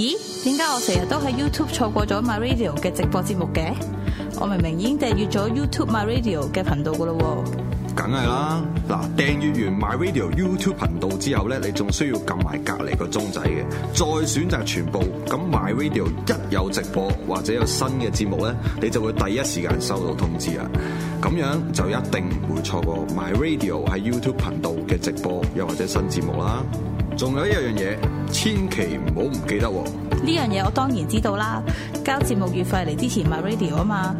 咦？點解我成日都喺 YouTube 錯過咗 My Radio 嘅直播節目嘅？我明明已經訂閱咗 YouTube My Radio 嘅頻道㗎喇喎。梗係啦，嗱訂閱完 My Radio YouTube 頻道之後咧，你仲需要撳埋隔離個鐘仔嘅，再選擇全部。咁 My Radio 一有直播或者有新嘅節目咧，你就會第一時間收到通知啊！咁樣就一定唔會錯過 My Radio 喺 YouTube 頻道嘅直播又或者新節目啦。仲有一樣嘢，千祈唔好唔記得喎！呢樣嘢我當然知道啦，交節目月費嚟之前買 radio 啊嘛。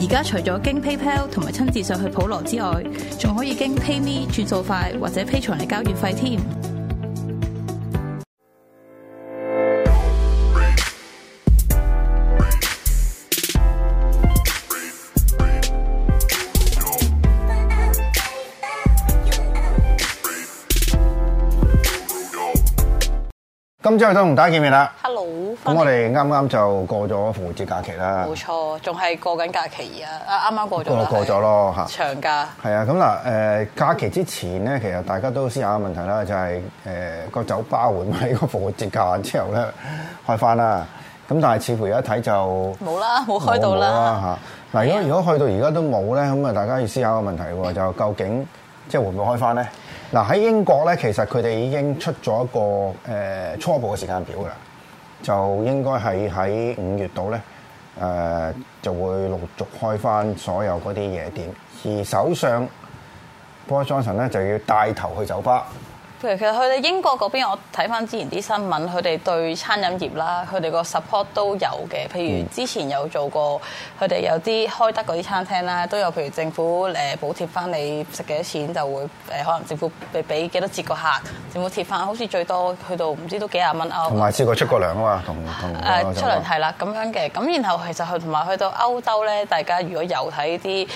而家除咗經 PayPal 同埋親自上去普羅之外，仲可以經 PayMe 轉數快或者 Pay 財嚟交月費添。咁之後都同大家見面啦。Hello，咁我哋啱啱就過咗復活節假期啦。冇錯，仲係過緊假期啊！啊，啱啱過咗過過咗咯，長假。係啊，咁、呃、嗱假期之前咧，其實大家都思考個問題啦、就是，就係誒個酒吧會喺個復活節假之後咧開翻啦。咁但係似乎一睇就冇啦，冇開,開到啦嚇。嗱，如果如果去到而家都冇咧，咁啊，大家要思考個問題喎，就究竟？即係會唔會開翻咧？嗱、啊、喺英國咧，其實佢哋已經出咗一個誒、呃、初步嘅時間表㗎，就應該係喺五月度咧，誒就會陸續開翻所有嗰啲夜店，而首相波 o 臣 n 咧就要帶頭去酒吧。譬如其實去到英國嗰邊，我睇翻之前啲新聞，佢哋對餐飲業啦，佢哋個 support 都有嘅。譬如之前有做過，佢哋有啲開得嗰啲餐廳啦，都有譬如政府誒補貼翻你食幾多錢，就會誒可能政府俾俾幾多折個客，政府貼翻，好似最多去到唔知都幾廿蚊歐。同埋試過出過糧啊嘛，同同誒出糧係啊啦，咁啊樣嘅。咁然後其實去同埋去到歐洲咧，大家如果有睇啲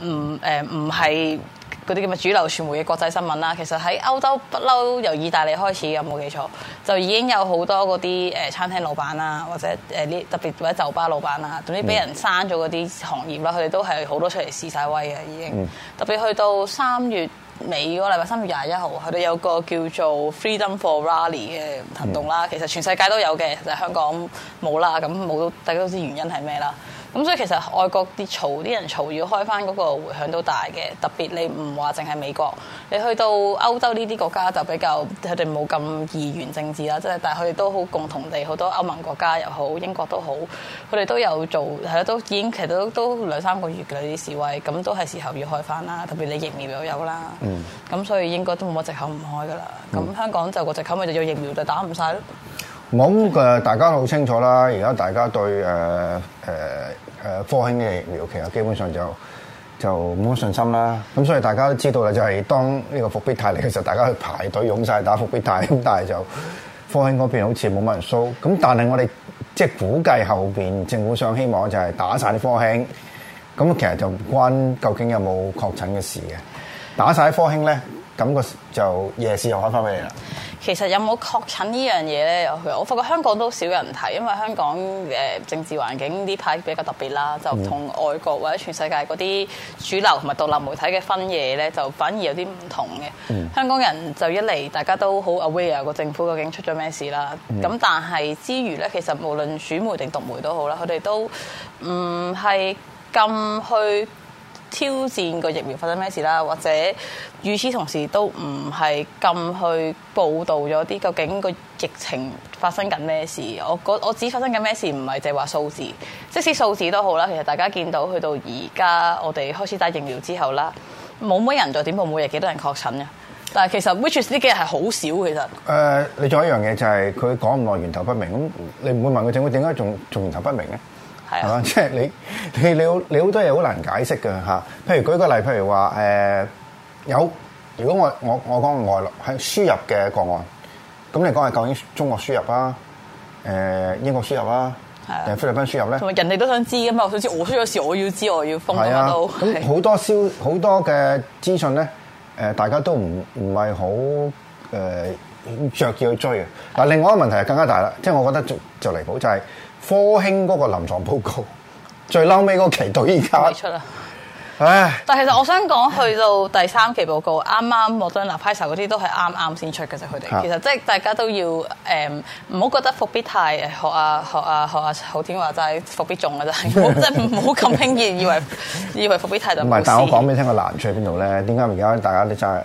唔誒唔係。呃嗰啲叫咩主流傳媒嘅國際新聞啦，其實喺歐洲不嬲，由意大利開始，我有冇記錯就已經有好多嗰啲誒餐廳老闆啦，或者誒啲特別或者酒吧老闆啦，總之俾人刪咗嗰啲行業啦，佢哋都係好多出嚟示晒威嘅已經。嗯、特別去到三月尾嗰個禮拜，三月廿一號，佢哋有個叫做 Freedom for Rally 嘅行動啦。嗯、其實全世界都有嘅，就係香港冇啦。咁冇大家都知道原因係咩啦？咁所以其實外國啲嘈，啲人嘈要開翻、那、嗰個迴響都大嘅。特別你唔話淨係美國，你去到歐洲呢啲國家就比較佢哋冇咁議員政治啦，即係但係佢哋都好共同地，好多歐盟國家又好，英國都好，佢哋都有做係都已經其實都其實都，都兩三個月㗎啦啲示威，咁都係時候要開翻啦。特別你疫苗又有啦，咁、嗯、所以應該都冇乜藉口唔開㗎啦。咁香港就嗰個藉口咪就要疫苗就打唔晒啦。冇，大家好清楚啦。而家大家對誒誒誒科興嘅疫苗其實基本上就就冇信心啦。咁所以大家都知道啦，就係當呢個復必泰嚟嘅時候，大家去排隊湧晒打復必泰，咁但係就科興嗰邊好似冇乜人 show。咁但係我哋即係估計後邊政府上希望就係打晒啲科興。咁其實就唔關究竟有冇確診嘅事嘅，打晒啲科興咧。咁個就夜市又開翻俾你啦。其實有冇確診呢樣嘢咧？我我發覺香港都少人睇，因為香港嘅政治環境呢排比較特別啦，就同外國或者全世界嗰啲主流同埋獨立媒體嘅分野咧，就反而有啲唔同嘅。香港人就一嚟大家都好 aware 個政府究竟出咗咩事啦。咁但係之餘咧，其實無論主媒定獨媒都好啦，佢哋都唔係咁去，挑戰個疫苗發生咩事啦，或者與此同時都唔係咁去報導咗啲究竟個疫情發生緊咩事？我我我指發生緊咩事，唔係淨係話數字，即使數字都好啦。其實大家見到去到而家，我哋開始打疫苗之後啦，冇乜人再點報每日幾多人確診呀。但係其實 which is 呢幾日係好少其實、呃。誒，你仲有一樣嘢就係佢講咁耐源頭不明，咁你唔會問佢：「政府點解仲仲源頭不明咧？係嘛、啊，即 係你你你你好多嘢好難解釋嘅嚇，譬如舉個例，譬如話誒、呃、有，如果我我我講外來輸入嘅個案，咁你講係究竟中國輸入啦，誒、呃、英國輸入啦，定菲律賓輸入咧？同埋人哋都想知㗎嘛，我想知我輸咗時我要知我要封的很。係啊，咁好、啊、多消好多嘅資訊咧，誒、呃、大家都唔唔係好誒著意去追嘅。但係，另外一個問題係更加大啦，即係、啊、我覺得就就離譜就係、是。科興嗰個臨床報告最嬲尾嗰期到而家，出啦！唉，但係其實我想講去到第三期報告，啱啱 Moderna、Pfizer 嗰啲都係啱啱先出嘅啫，佢哋其實即係大家都要誒，唔、嗯、好覺得復必泰學啊學啊學啊好天話齋係復必中啊。真係即係唔好咁輕易以為 以為復必泰度唔係，但係我講俾你聽個難處喺邊度咧？點解而家大家就爭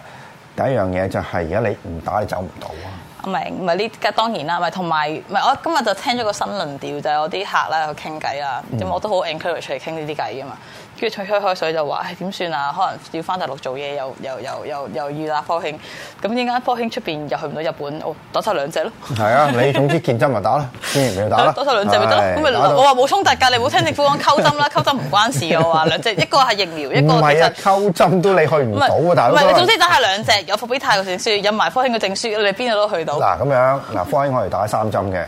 第一樣嘢就係而家你唔打你走唔到啊！唔係唔係呢？當然啦，唔係同埋唔係我今日就聽咗個新論調，就係、係、我啲客啦，去傾偈啦，咁我都好 encourage 出嚟傾呢啲偈噶嘛。跟住佢開開水就話：唉，點算啊？可能要返大陸做嘢，又又又又又遇啦科興。咁點解科興出面又去唔到日本？我、哦、打曬兩隻咯。係啊，你總之見針咪打啦，見唔到打咯，啊，打曬兩隻咪得咯。咁、哎、咪我話冇衝突㗎，你唔好聽政府講溝針啦， 溝針唔關事我話，兩隻一個係疫苗，啊、一個唔係啊。溝針都你去唔到唔係你總之打下兩隻， 有復必泰嘅證書，有埋科興嘅證書，你邊度都去的。嗱咁樣，嗱歡迎我哋打三針嘅，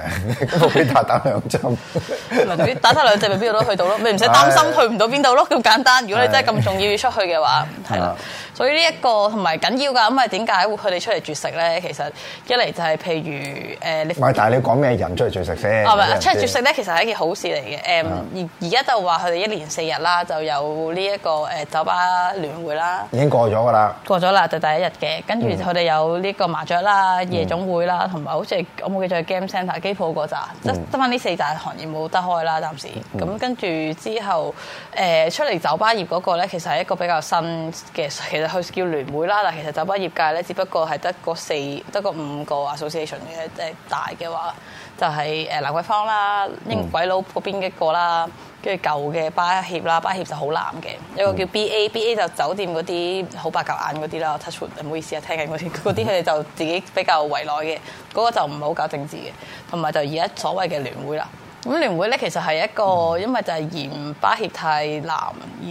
嗰邊打打兩針。唔係，打打兩針咪邊度都去到咯，你唔使擔心去唔到邊度咯，咁簡單。如果你真係咁重要要出去嘅話，係啦。所以呢一個同埋緊要㗎，咁係點解佢哋出嚟絕食咧？其實一嚟就係譬如誒你。喂，但係你講咩人出嚟絕食先？啊唔係，出嚟絕食咧，其實係一件好事嚟嘅。誒而而家就話佢哋一年四日啦，就有呢一個誒酒吧聯會啦。已經過咗㗎啦。過咗啦，就第一日嘅，跟住佢哋有呢個麻雀啦、夜總會啦，同埋好似我冇記錯，game centre 機鋪嗰扎，得得翻呢四大行業冇得開啦，暫時。咁跟住之後，誒出嚟酒吧業嗰個咧，其實係一個比較新嘅，其實佢叫聯會啦，但其實酒吧業界咧，只不過係得個四，得五個啊，數 station 嘅大嘅話。就係、是、誒蘭桂坊啦，英鬼佬嗰邊一個啦，跟住舊嘅巴協啦，巴協就好藍嘅，一個叫 B A、嗯、B A 就酒店嗰啲好白鴿眼嗰啲啦，唔好意思啊，聽緊嗰啲嗰啲佢哋就自己比較圍內嘅，嗰、那個就唔係好搞政治嘅，同埋就而家所謂嘅聯會啦。咁聯會咧，其實係一個、嗯，因為就係嫌巴協太難，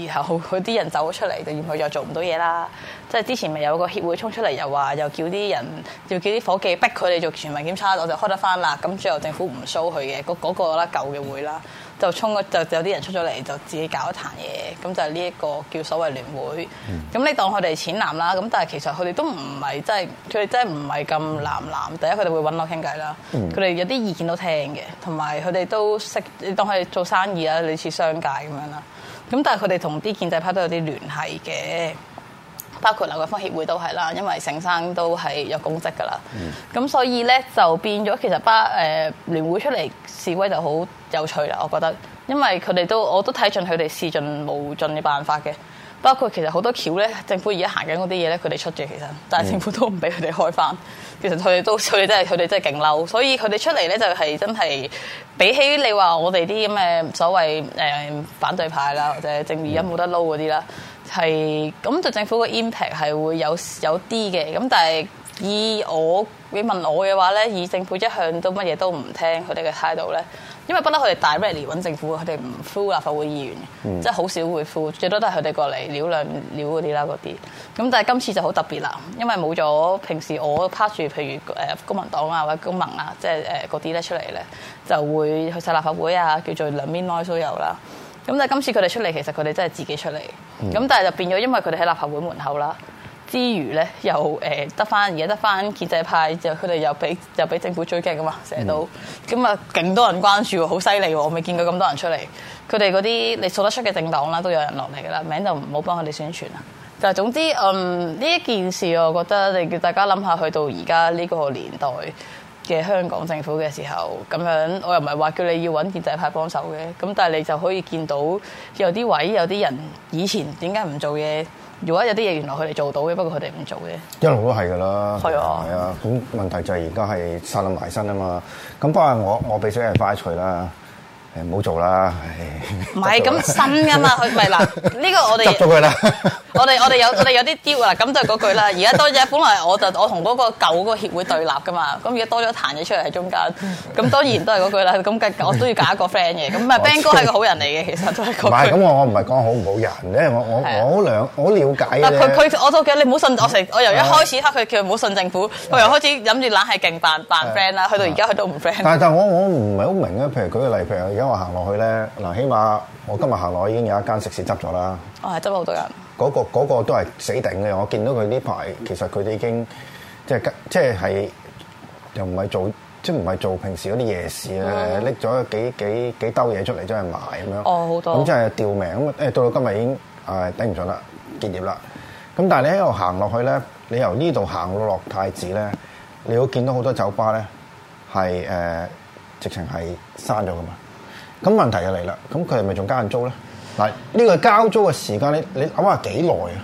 然後佢啲人走咗出嚟，嫌佢就做唔到嘢啦。即係之前咪有個協會衝出嚟，又話又叫啲人，要叫啲伙計逼佢哋做全民檢查，我就開得翻啦。咁最後政府唔蘇佢嘅，嗰、嗰、嗰個啦舊嘅會啦。就冲嗰就有啲人出咗嚟，就自己搞一壇嘢，咁就係呢一個叫所謂聯會。咁、嗯、你當佢哋淺藍啦，咁但係其實佢哋都唔係，即係佢哋真係唔係咁藍藍。第一佢哋會搵我傾偈啦，佢、嗯、哋有啲意見都聽嘅，同埋佢哋都識你當佢哋做生意啊，類似商界咁樣啦。咁但係佢哋同啲建制派都有啲聯繫嘅，包括劉桂芬協會都係啦，因為成生都係有公職噶啦。咁、嗯、所以咧就變咗，其實巴誒聯會出嚟示威就好。有趣啦，我覺得，因為佢哋都，我都睇盡佢哋試盡無盡嘅辦法嘅，包括其實好多橋咧，政府而家行緊嗰啲嘢咧，佢哋出住其實，但係政府都唔俾佢哋開翻。其實佢哋都，佢哋真係佢哋真係勁嬲，所以佢哋出嚟咧就係真係比起你話我哋啲咁嘅所謂誒、呃、反對派啦，或者政務員冇得撈嗰啲啦，係咁就政府嘅 impact 係會有有啲嘅。咁但係以我你問我嘅話咧，以政府一向都乜嘢都唔聽佢哋嘅態度咧。因為不嬲，佢哋大 ready 揾政府，佢哋唔 full 立法會議員、嗯、即係好少會 full，最多都係佢哋過嚟撩兩撩嗰啲啦，嗰啲。咁但係今次就好特別啦，因為冇咗平時我 part 住，譬如誒公民黨啊或者公民啊，即係誒嗰啲咧出嚟咧，就會去晒立法會啊，叫做兩邊拉所有啦。咁但係今次佢哋出嚟，其實佢哋真係自己出嚟。咁、嗯、但係就變咗，因為佢哋喺立法會門口啦。之餘咧，又誒得翻，而家得翻建制派，就佢哋又俾又俾政府追擊噶嘛，成日都咁啊，勁、嗯、多人關注喎，好犀利喎，我未見過咁多人出嚟。佢哋嗰啲你數得出嘅政黨啦，都有人落嚟噶啦，名就唔好幫佢哋宣傳啦。就係總之，嗯呢一件事，我覺得你叫大家諗下，去到而家呢個年代。嘅香港政府嘅時候咁樣，我又唔係話叫你要揾建制派幫手嘅，咁但係你就可以見到有啲位，有啲人以前點解唔做嘢，如果有啲嘢原來佢哋做到嘅，不過佢哋唔做嘅，一路都係噶啦，係啊，咁、啊、問題就係而家係殺撚埋身啊嘛，咁不過我我俾水人快脆啦，誒唔好做啦，唔係咁新噶嘛，佢唔咪嗱呢個我哋執咗佢啦。 我哋我哋有我哋有啲 deal 啊！咁就係嗰句啦。而家多咗，本來我就我同嗰個舊嗰個協會對立噶嘛。咁而家多咗彈嘢出嚟喺中間，咁當然都係嗰句啦。咁我都要揀一個 friend 嘅。咁啊，Ben 哥係個好人嚟嘅，其實都係嗰句。唔係，咁我我唔係講好唔好人咧。我我我兩我瞭解啫。但係佢佢我都叫你唔好信我成。我由一開始刻佢叫唔好信政府，我由開始飲住冷氣勁扮扮 friend 啦，去到而家佢都唔 friend。但係但係我我唔係好明咧。譬如舉個例，譬如而家我行落去咧，嗱，起碼。我今日行落已經有一間食肆執咗啦，哦，係執咗好多人。嗰、嗰個嗰個都係死頂嘅，我見到佢呢排其實佢哋已經即係即係係又唔係做即係唔係做平時嗰啲夜市咧，拎、嗯、咗幾幾幾兜嘢出嚟真係賣咁樣，哦，好多，咁即係吊命咁誒。到到今日已經係、呃、頂唔順啦，結業啦。咁但係你喺度行落去咧，你由呢度行落太子咧，你會見到好多酒吧咧係誒直情係閂咗㗎嘛。咁問題就嚟啦，咁佢係咪仲加緊租咧？嗱，呢個交租嘅時間，你你諗下幾耐啊？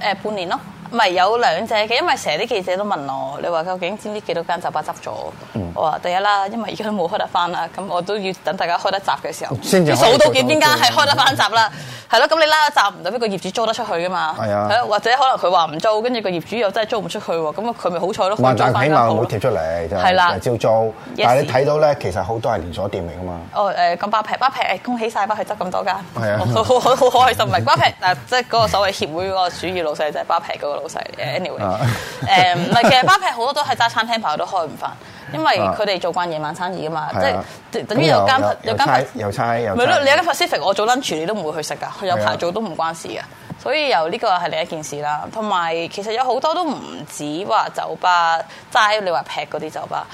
誒、呃，半年咯。唔係有兩隻嘅，因為成日啲記者都問我，你話究竟知唔知幾多間酒吧執咗？嗯、我話第一啦，因為而家都冇開得翻啦，咁我都要等大家開得閘嘅時候，先數到件邊間係開得翻閘啦。係、嗯、咯，咁你拉得閘唔到，不過業主租得出去噶嘛。係、嗯、啊、嗯，或者可能佢話唔租，跟住個業主又真係租唔出去喎，咁佢咪好彩咯。話但起碼冇貼出嚟，真係照租。是但係你睇到咧，其實好多係連鎖店嚟噶嘛。Yes. 哦誒，咁、呃、皮，包皮，劈，恭喜晒包佢執咁多間。係、嗯、啊、嗯，好好好開心啊！包皮，嗱， 即係嗰個所謂協會嗰個主要老細就係包皮嗰個。老細，anyway，誒唔係，um, 其實巴劈好多都係揸餐廳牌都開唔翻，因為佢哋做慣夜晚生意㗎嘛、啊，即係、嗯、等於有間有，有，有間，有間又差又差，咯，你有間 Pacific 我做 lunch 你都唔會去食㗎，佢有排做都唔關事㗎，所以由呢個係另一件事啦。同埋其實有好多都唔止話酒吧齋你話劈嗰啲酒吧。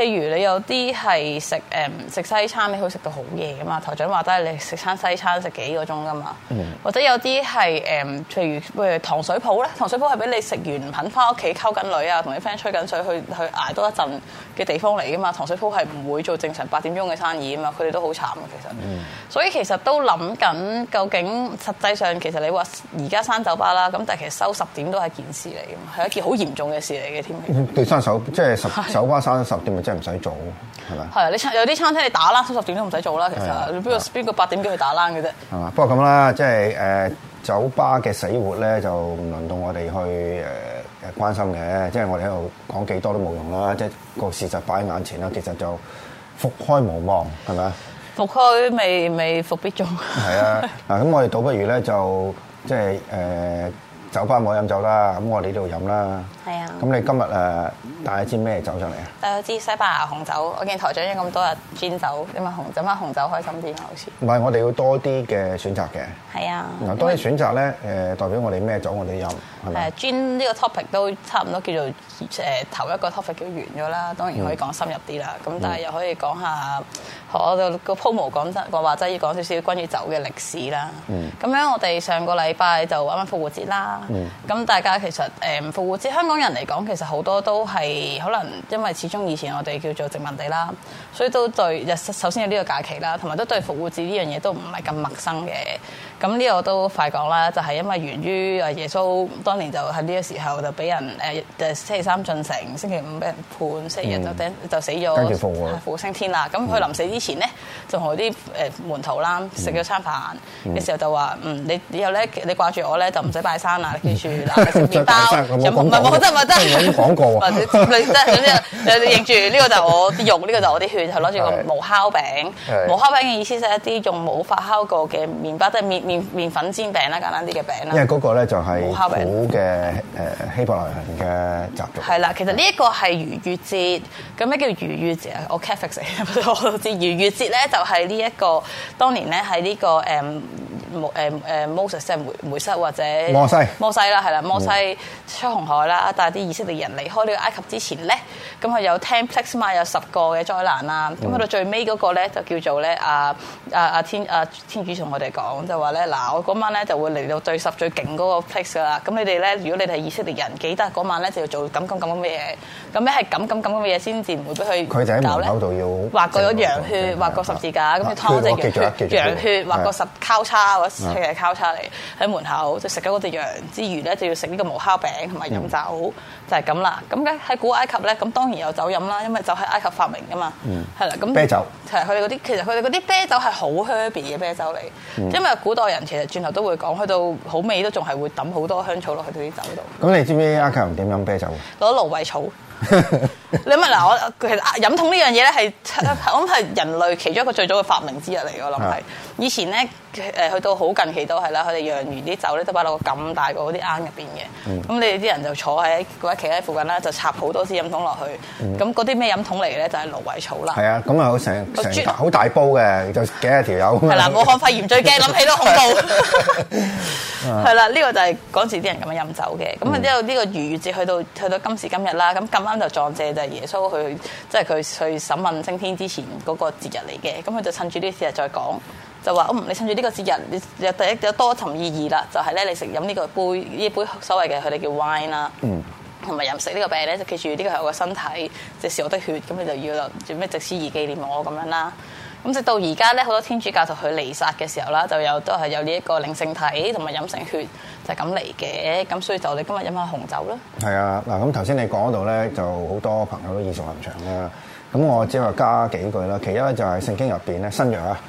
譬如你有啲係食誒食西餐，你好食到好夜噶嘛？台長話齋係你食餐西餐食幾個鐘噶嘛、嗯？或者有啲係誒譬如誒糖水鋪咧，糖水鋪係俾你食完唔肯翻屋企溝緊女啊，同你 friend 吹緊水去去捱多一陣嘅地方嚟噶嘛？糖水鋪係唔會做正常八點鐘嘅生意啊嘛，佢哋都好慘啊，其實、嗯。所以其實都諗緊究竟實際上其實你話而家閂酒吧啦，咁但係其實收點是是、嗯就是、十，是十點都係件事嚟，嘛，係一件好嚴重嘅事嚟嘅添。對，閂酒即係十酒吧閂十點即係唔使做，係咪？係啊，你有啲餐廳你打冷，收十點都唔使做啦。其實，邊個邊個八點叫佢打冷嘅啫？係嘛？不過咁啦，即係誒酒吧嘅死活咧，就唔輪到我哋去誒誒、呃、關心嘅。即係我哋喺度講幾多都冇用啦。即係個事實擺喺眼前啦，其實就復開無望，係嘛？復開未未復必做？係啊，嗱咁我哋倒不如咧就即係誒。就是呃酒吧冇好飲酒啦，咁我哋呢度飲啦。係啊，咁你今日誒帶一樽咩酒上嚟啊？帶一樽西班牙紅酒，我見台長飲咗咁多日氈酒，飲下紅，飲下紅酒開心啲好似。唔係，我哋要多啲嘅選擇嘅。係啊。嗱，多啲選擇咧，誒代表我哋咩酒我哋飲係咪？氈呢個 topic 都差唔多叫做誒頭一個 topic 叫完咗啦，當然可以講深入啲啦。咁、嗯、但係又可以講下我哋個鋪模講得，我話齋要講少少關於酒嘅歷史啦。嗯。咁樣我哋上個禮拜就玩啱復活節啦。咁、嗯、大家其實誒復活節香港人嚟講，其實好多都係可能，因為始終以前我哋叫做殖民地啦，所以都對日首先有呢個假期啦，同埋都對復活節呢樣嘢都唔係咁陌生嘅。咁呢個都快講啦，就係、是、因為源於啊耶穌當年就喺呢個時候就俾人誒，就、呃、星期三進城，星期五俾人判，星期日就頂就死咗，升、嗯啊、天啦。咁佢臨死之前咧，就同啲誒門徒啦食咗餐飯嘅、嗯、時候就話：嗯，你以後咧你掛住我咧就唔使拜山啦、嗯，記住，食麵包，唔係冇得，冇得，冇講得認住呢個就我啲肉，呢、這個就我啲血，佢攞住個無烤餅，無烤餅嘅意思係一啲用冇發酵過嘅麵包，即、就、係、是麵粉煎餅啦，簡單啲嘅餅啦。因為嗰個咧就係好嘅希伯來人嘅習俗。係啦，其實呢一個係逾越節，咁咩叫逾越節啊？我 catfish 我都知，逾越節咧就係呢一個當年咧喺呢個摩誒 Moses、啊、梅梅瑟或者摩西摩西啦，係啦，摩西出紅海啦、嗯，帶啲以色列人離開呢個埃及之前咧，咁佢有 ten plagues 嘛，有十個嘅災難啦，咁去到最尾嗰個咧就叫做咧阿阿天、啊、天主同我哋講就話咧。嗱，我嗰晚咧就會嚟到對最十最勁嗰個 place 噶啦。咁你哋咧，如果你哋係以色列人，記得嗰晚咧就要做咁咁咁咁嘅嘢。咁你係咁咁咁咁嘅嘢先至唔會俾佢。佢就喺度要畫過咗羊血，畫過十字架，咁你劏咗隻羊血，畫個十交叉或者十字交叉嚟喺門口。就食咗嗰隻羊之餘咧，就要食呢個無烤餅同埋飲酒。嗯就係咁啦，咁咧喺古埃及咧，咁當然有酒飲啦，因為酒喺埃及發明噶嘛，係、嗯、啦，咁啤酒，佢其實佢哋嗰啲其實佢哋啲啤酒係好 herby 嘅啤酒嚟、嗯，因為古代人其實轉頭都會講，去到好味都仲係會揼好多香草落去啲酒度。咁你知唔知埃及人點飲啤酒？攞蘆葦草。 你問嗱，我其實我飲桶呢樣嘢咧係， 我諗係人類其中一個最早嘅發明之一嚟，我諗係。以前咧誒去到好近期都係啦，佢哋釀完啲酒咧，都擺落個咁大個啲罌入邊嘅。咁你哋啲人就坐喺或者企喺附近啦，就插好多支飲筒落去。咁嗰啲咩飲筒嚟嘅咧？就係、是、蘆葦草啦。係、嗯、啊、咁、嗯、啊、嗯、成、嗯、成好大、嗯、大煲嘅，就幾十條友。係、嗯、啦，武漢肺炎 最驚，諗起都恐怖。係、 嗯、 啦，呢、這個就係嗰時啲人咁樣飲酒嘅。咁、嗯、之後呢個逾越節去到去到今時今日啦，咁咁啱就撞正就係耶穌佢即係佢去審問升天之前嗰個節日嚟嘅。咁佢就趁住呢啲節日再講。話：嗯、哦，你趁住呢個節日，你第一有多層意義啦。就係咧，你食飲呢個杯呢一、這個、杯所謂嘅佢哋叫 wine 啦，同埋飲食呢個餅咧，就記住呢個係我嘅身體，這是我的，是我的血，咁你就要啦。做咩？藉此而紀念我咁樣啦。咁直到而家咧，好多天主教徒佢彌撒嘅時候啦，就有都係有呢一個領聖體同埋飲成血，就係咁嚟嘅。咁所以就你今日飲下紅酒啦。係啊，嗱咁頭先你講嗰度咧，就好多朋友都耳熟能詳啦。咁我只係加幾句啦。其一咧就係聖經入邊咧，新約啊。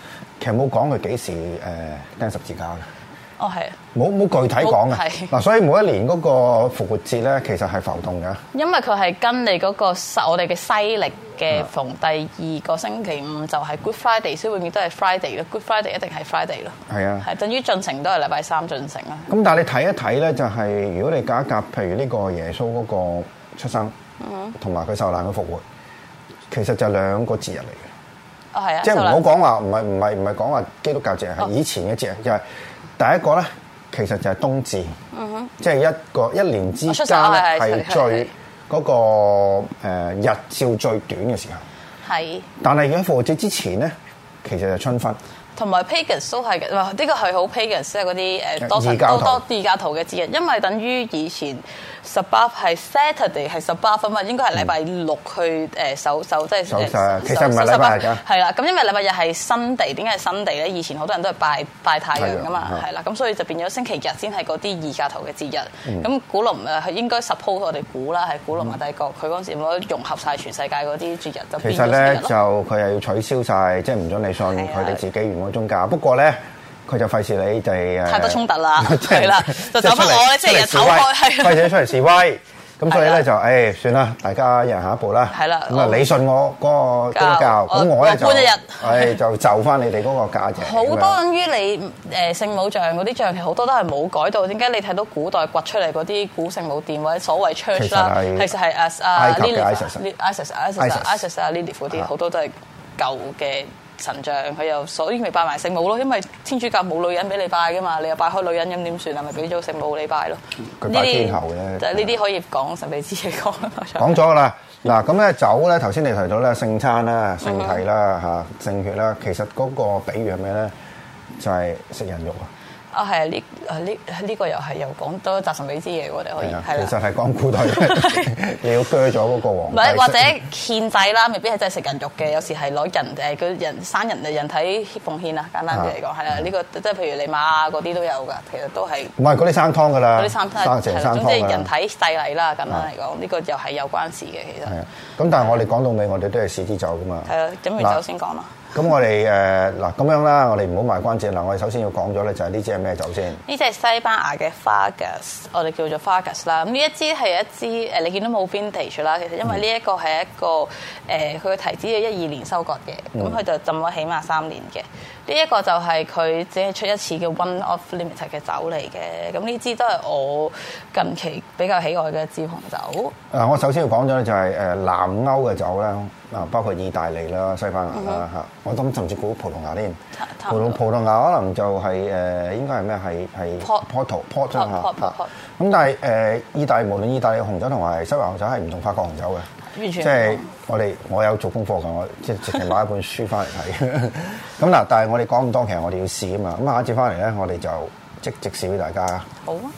其實冇講佢幾時誒釘十字架嘅、哦，哦係、啊，冇冇具體講嘅，嗱、啊、所以每一年嗰個復活節咧，其實係浮動嘅。因為佢係跟你嗰、那個我哋嘅西曆嘅逢第二個星期五就係 Good Friday，所以永遠都係 Friday Good Friday 一定係 Friday 咯。係啊，係等於進程都係禮拜三進程啦、就是。咁但係你睇一睇咧，就係如果你夾一夾，譬如呢個耶穌嗰個出生，同埋佢受難嘅復活，其實就兩個節日嚟嘅。哦、是啊，啊，即係唔好講話，唔係唔係唔係講話基督教節係、哦、以前嘅節日，又、就、係、是、第一個咧，其實就係冬至，嗯、哼即係一個一年之間咧係最嗰、那個日照最短嘅時候。係，但係喺復活節之前咧，其實就係春分，同埋 Pagan 都係嘅，哇！呢、這個係好 Pagan，即係嗰啲誒多神多多異教徒嘅節日，因為等於以前。十八係 Saturday 係十八分嘛，應該係禮拜六去誒首、嗯，守即係守曬，其實唔係十八噶。係啦，咁因為禮拜日係新地，點解係新地咧？以前好多人都係拜拜太陽噶嘛，係啦，咁所以就變咗星期日先係嗰啲二價頭嘅節日。咁、嗯、古羅誒，應該 support 我哋古啦，係古羅馬帝國，佢嗰陣時冇融合晒全世界嗰啲節日，日其實咧就佢又要取消晒，即係唔准你信佢哋自己原嗰宗教。不過咧。佢就費事你哋誒太多衝突啦，係啦，就走返我，即係又走開，係。費者出嚟示威，咁所以咧就誒算啦，大家讓下一步啦。係啦，咁啊你信我嗰個嗰個教，咁我咧就誒就就翻你哋嗰個價值。好多等於你誒聖母像嗰啲像，其實，好多都係冇改到。點解你睇到古代掘出嚟嗰啲古聖母殿或者所謂 church 啦？其實係阿阿 Lily Isis Isis Isis Isis 阿 Lily 嗰啲好多都係舊嘅。神像佢又所以咪拜埋聖母咯，因為天主教冇女人俾你拜噶嘛，你又拜開女人咁點算啊？係咪俾咗聖母你拜咯。呢啲後咧，就係呢啲可以講神秘之嘢講啦。講咗啦，嗱咁咧酒咧，頭先你提到咧聖餐啦、聖體啦、嚇聖血啦，其實嗰個比喻係咩咧？就係食人肉啊！啊，係啊！呢啊呢呢、呢個又係又講多集成尾支嘢，我哋可以係、啊係啊、其實係講古代嘅 你要鋸咗嗰個王。唔係，或者獻祭啦，未必係真係食人肉嘅。有時係攞人誒，佢人，人生人嘅人體奉獻啊，簡單啲嚟講係啊。呢、啊啊呢個即係譬如你瑪嗰啲都有㗎，其實都係。唔係嗰啲生湯㗎啦，生成生湯嘅啊。即、就、係、是、人體祭禮啦，簡單嚟講，呢、啊呢個又係有關事嘅其實。係啊，咁、啊、但係我哋講到尾、啊，我哋都係試支酒㗎嘛。係啊，飲完酒先講啦。咁我哋誒嗱咁樣啦，我哋唔好賣關節啦。我哋首先要講咗咧，就係、是、呢隻係咩酒先？呢隻係西班牙嘅 Fargas 我哋叫做 Fargas 啦。咁呢一支係一支誒，你見到冇 Vintage 啦。其實因為呢一個係一個誒，佢、嗯、嘅提子要一二年收割嘅，咁佢就浸咗起碼三年嘅。呢、這、一個就係佢只係出一次嘅 one of limited 嘅酒嚟嘅，咁呢支都係我近期比較喜愛嘅支紅酒。啊，我首先要講咗咧就係誒南歐嘅酒啦，啊包括意大利啦、西班牙啦嚇，嗯、我諗甚至乎葡萄牙添。葡萄葡萄牙可能就係、是、誒應該係咩？係係。Port，Port，Port，張嚇。咁但係誒意大利無論意大利紅酒同埋西班牙紅酒係唔同法國的紅酒嘅。即係、就是、我哋我有做功課嘅，我即係直情買一本書翻嚟睇。咁嗱，但係我哋講咁多，其實我哋要試啊嘛。咁下一節翻嚟咧，我哋就即即試俾大家。好啊。